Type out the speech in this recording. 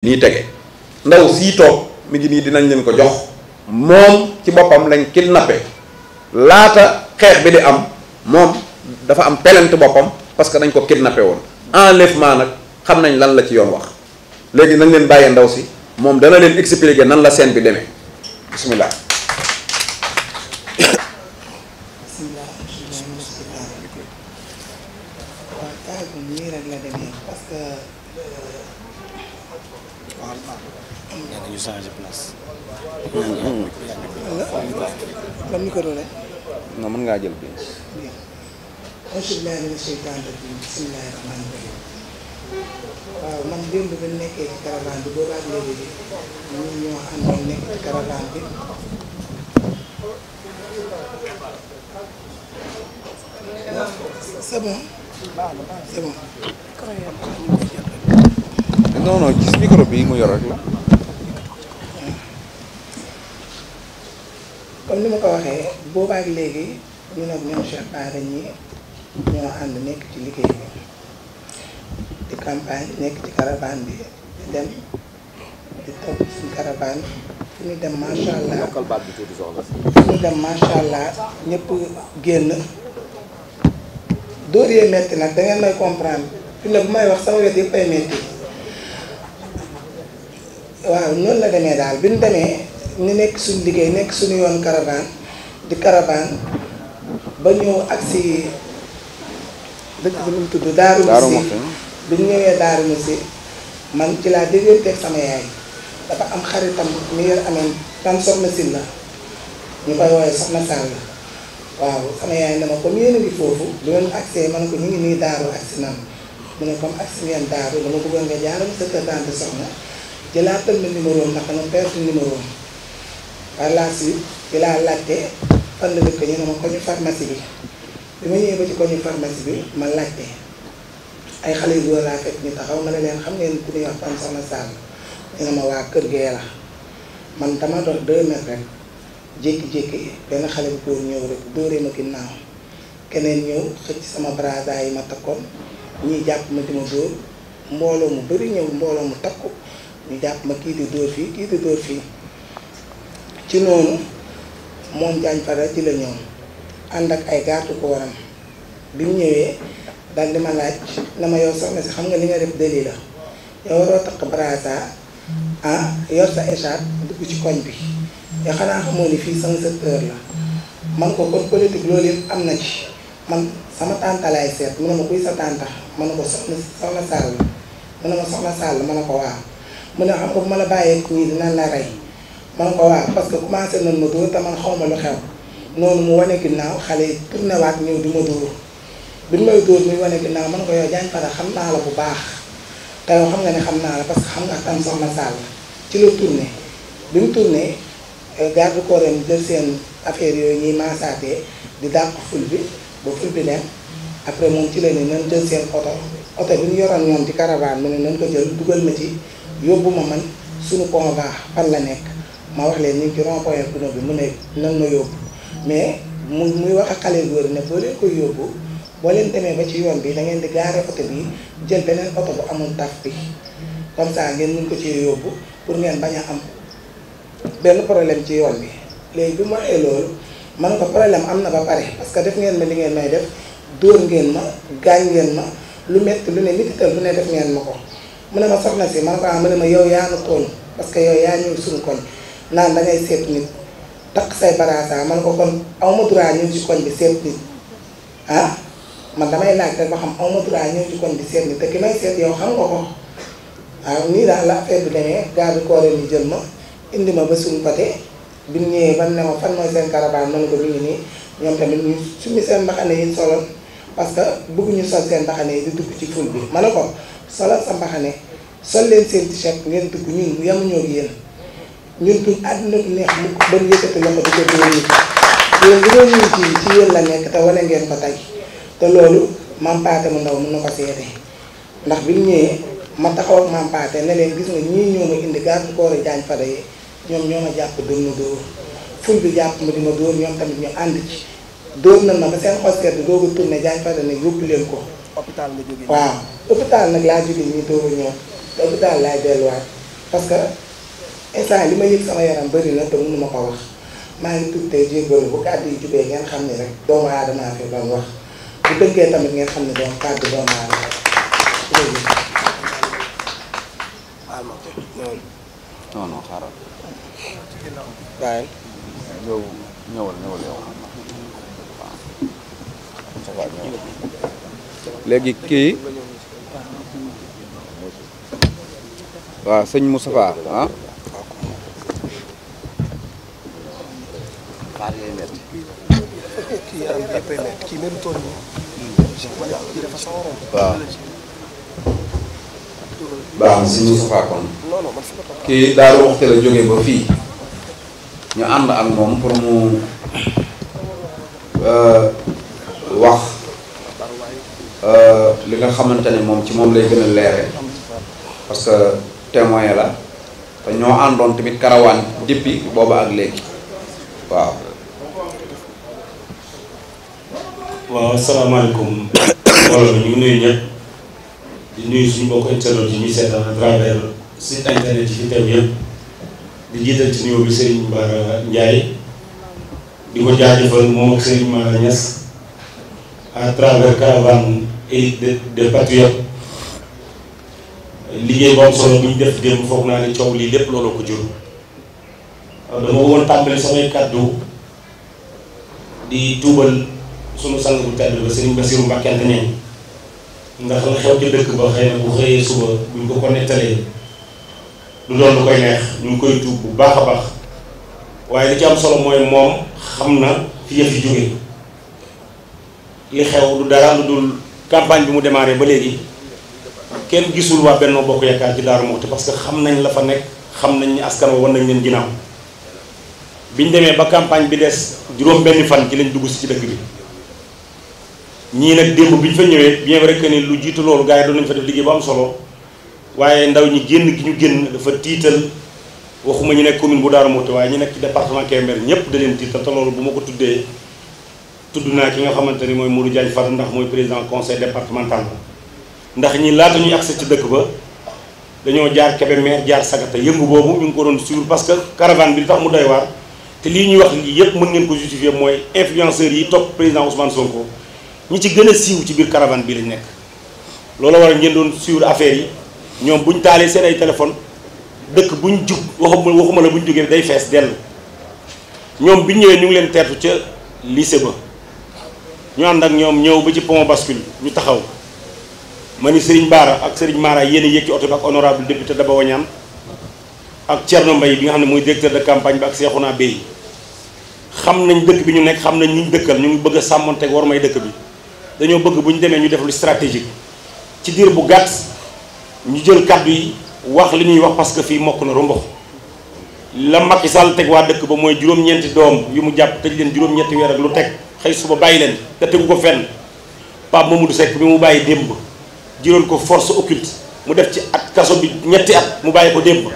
nii tege ndaw sii toog mi ngi nii dinañ leen ko jox moom ci boppam lañ nappe laata xeex bi di am moom dafa am pelente boppam parce que dañ ko kidnappé woon enlèvement nag xam nañ lan la ci yoon wax léegi nañ leen bàyyee ndaw si moom dana leen expliquer nan la seen bi demee bismillah place. ban mën ngaa jël ci caravane bi boobaa léegi bi ci caravane bi. c'est mu yor rek la. comme ni ma ko waxee boobaak léegi ñun ak ñoom Cheikh Bara ñi ñoo ànd nekk ci liggéey bi di campagne nekk ci caravane bi di dem di topp suñu caravane fu ñu dem macha allah fu ñu dem macha allah ñëpp génn dóor yee metti nag da may comprendre fi bu may wax sama wet yëpp metti waaw noonu la demee daal bi ñu demee. ni nekk suñu liggéey nekk suñu yoon caravane di karabaan ba ñëw ak si dëkk bi nu tudd Daaru Muxti bi ñu ñëwee Daaru Muxti ci laa dégganteeg sama yaay dafa am xaritam mi yor amee tam soxna la ñu koy wooye soxna Sall waaw sama yaay na ma comme yéen a ngi foofu bu ngeen agsee man ko ñu ngi nii daaru agsi nan mu ne comme agsi ngeen daaru dama bëggoon nga jaaram sa tante soxna jëlaatal ma numéro ndax dama perte numéro la suite bi laa laajte fan la dëkk ñu ne ma koñu pharmacie bi bi ma ñëwee ba ci koñu pharmacie bi ma laajte ay xale yu góor laa fekk ñu taxaw ma ne leen xam ngeen ku ñuy wax Pam Soxna Sall ñu ne kër gee la man dama dox benn xale bu góor ñëw rek dóoree ma ginnaaw keneen ñëw xëcc sama brassard yi ma takkoon ñii jàpp ma di ma dóor mbooloo mu bari ñëw mbooloo mu takku ñu jàpp ma kii di dóor fii kii di dóor fii. ci noonu moom Diagne Fada ci la ñoom ànd ak ay gaatu ko waram bi mu ñëwee dal di ma laaj na ma yow soxna si xam nga li nga def déli la yow waroo takk brasa ah yor sa écharpe dugg ci koñ bi yow xanaa xamoo ni fii sama secteur la man ko kon politique loolu yëpp am na ci man sama tànta seet mu ne ma kuy sa tànta ma ne ko soxna soxna Sall mu ne ma soxna Sall ma ne ko waaw mu ne xam nga bu ma la bàyyeek ñii dina la rey man ko waaw parce que commencé nañ ma dóor te man xaw ma lu xew noonu mu wane ginnaaw xale yi tourné waat ñëw di ma dóor bi man ko yow Diagne xam naa bu baax te xam nga ne xam naa la parce xam nga tam soxna Sall ci la tourné bi mu tourné euh, garde corps yi jël seen affaire yooyu ñuy maasaatee di dàq ful bi ba ful bi dem après moom ci la ne nan jël seen oto oto bi ñu yoroon ñoom ci caravane mu ne nan ko jël dugal ma ci yóbbu ma man suñu convoi fan la nekk. ma wax leen ñu ngi ci rond point Kouno bi mu ne nan ma yóbbu mais mu muy wax ak xale góor ne boo leen koy yóbbu boo leen demee ba ci yoon bi da ngeen di gaare oto bi jël beneen oto bu amul taf bi comme ça ngeen mun ko ci yóbbu pour ngeen bañ a am benn problème ci yoon bi léegi bi mu waxee loolu man ko problème am na ba pare parce que def ngeen ma li ngeen may def dóor ngeen ma gaañ ngeen ma lu métti lu ne mitital lu ne def ngeen ma ko mu ne ma na si man ko ah mu ne yow yaa nu tooñ parce que yow yaa ñëw suñu koñ naan da seet nit takk say barasa ah, man ko kon aw ma droit ci koñ bi seet nit ah man damay laaj rek ba xam aw ma droit ñëw ci koñ bi seet nit te ki may seet yow xam nga ko waaw nii daal la affaire bi demee gaa bi kooree ñu jël ma indi ma ba suñu côté bi ñu ñëwee ba ne ma fan mooy seen caravane man ko mi ngi nii ñoom tamit ñu summi seen mbaxane yi soloon parce que bëgguñu sol seen mbaxane yi di dugg ci ful bi ma ne ko solal sa mbaxane sol leen seen t-shirt ngeen dugg ñun yemuñoo ak ñun tuuti àdduna bi neex mu ko ban yëkkati loxo di ko dugal nit yéen li ngeen ñuy ci ci yéen la nekk te wane ngeen ko tey te loolu maam Paate mu ndaw mën na ko seede ndax bi mu ñëwee ma taxaw ak maam ne leen gis nga ñii ñoo ma indi garde corps yi Diagne Fada yi ñoom ñoo ma jàpp doon ma dóor ma di ñoom tamit ñu ànd ci dóor na ma ba seen xos kër di doog a tourné Diagne Fada ne yóbbu leen ko. hôpital nga jógee waaw hôpital nag laa jógee ñu doog a ñëw laay delluwaat parce instant li ma yëg sama yaram bëri na te mënu ma ko wax maa ngi tudd tey jégalu bu kàddu yi jubee ngeen xam ne rek doomu aadama fi doon wax bu dëggee tamit ngeen xam ne doon kàddu doomu aadama non non léegi kii. waaw sëñ Moustapha ah. métti tool yi kii dafa sama romb waaw baax na si Moustapha kii daal waxte la jóge ba fii ñu ànd ak moom pour mu euh, wax euh, li nga xamante ne moom ci moom lay gën a leere parce que témoin la te ñoo àndoon tamit karawaan depuis booba ak léegi waaw waaw asalaamaaleykum mbooloo mi ñu ngi nuyu ñëpp di nuyu suñu mbokk internet yi ñuy seetaan à travers site internet yi fi teew yëpp di jiital ci nuyoo bi Serigne Bara Ndiaye di ko jaajëfal moom ak Serigne Mara Niass à travers caravane et de de patriotes liggéey bu am solo bu ñu def démb foog naa ne coow lii lépp looloo ko jur dama woon tàmbali samay kàddu di tuubal. sunu sang bu tedd ba Serigne Bassirou Mbacké ñañ ndax la xew ci dëkk ba xëy na bu xëyee suba buñ ko ko nettalee lu doon lu koy neex ñu koy tuub bu baax a baax waaye li ci am solo mooy moom xam na fi yëf yi li xew lu dara lu dul campagne bi mu démarré ba léegi kenn gisul waa Benno Bokk Yaakaar ci Darou Mouhty parce que xam nañ la fa nekk xam nañ ni askan wa war nañ ginaaw bi ñu demee ba campagne bi des juróom benn fan ci lañ dugg si ci dëkk bi ñii nag démb bi ñu fa ñëwee bien vrai que ni lu jiitu loolu gars yi doon nañu fa def liggéey bu am solo waaye ndaw ñi génn gi ñu génn dafa tiital waxuma ñu nekk commune bu Darou Mouhty waaye ñu nekk ci département Kébémer ñëpp da leen tiital te loolu bu ma ko tuddee tudd naa ki nga xamante ni mooy Modou Diagne Fada ndax mooy président conseil départemental ndax ñi laata ñuy accès dëkk ba dañoo jaar Kébémer jaar Sagata yëngu boobu ñu ngi ko doon suivre parce que caravane bi tax mu doy waar te lii ñuy wax lii yëpp mën ngeen ko justifier mooy influenceurs yi topp président Ousmane ko ñu ci gën a siiw ci biir caravane bii lañ nekk loolu war a ngeen doon suivre affaire yi ñoom buñ taalee seen ay téléphone dëkk buñ jug waxuma waxuma la buñ jógee day fees dell ñoom biñ ñëwee ñu ngi leen teertu ca lycée ba ñu ànd ak ñoom ñëw ba ci pont bascule ñu taxaw ma ni Serigne Bara ak Serigne Mara yéen yéeg yëkki oto bi ak honorable député Daba Wañaan ak Thierno Mbaye bi nga xam ne mooy directeur de campagne bi ak Cheikhouna Bey xam nañ dëkk bi ñu nekk xam nañ ñu dëkkal ñu ngi bëgg a sàmmonteeg war may dëkk bi dañoo bëgg bu ñu demee ñu def lu stratégique ci diir bu gàtt ñu jël kàddu yi wax li ñuy wax parce que fii mokk na rumbox la Macky Sall teg waa dëkk ba mooy juróom-ñeenti doom yi mu jàpp tëj leen juróom-ñeenti weer ak lu teg xëy suba bàyyi leen te tegu ko fenn Pape Mamadou Seck bi mu bàyyi démb jëloon ko force occulte mu def ci ak kaso bi ñetti at mu bàyyi ko démb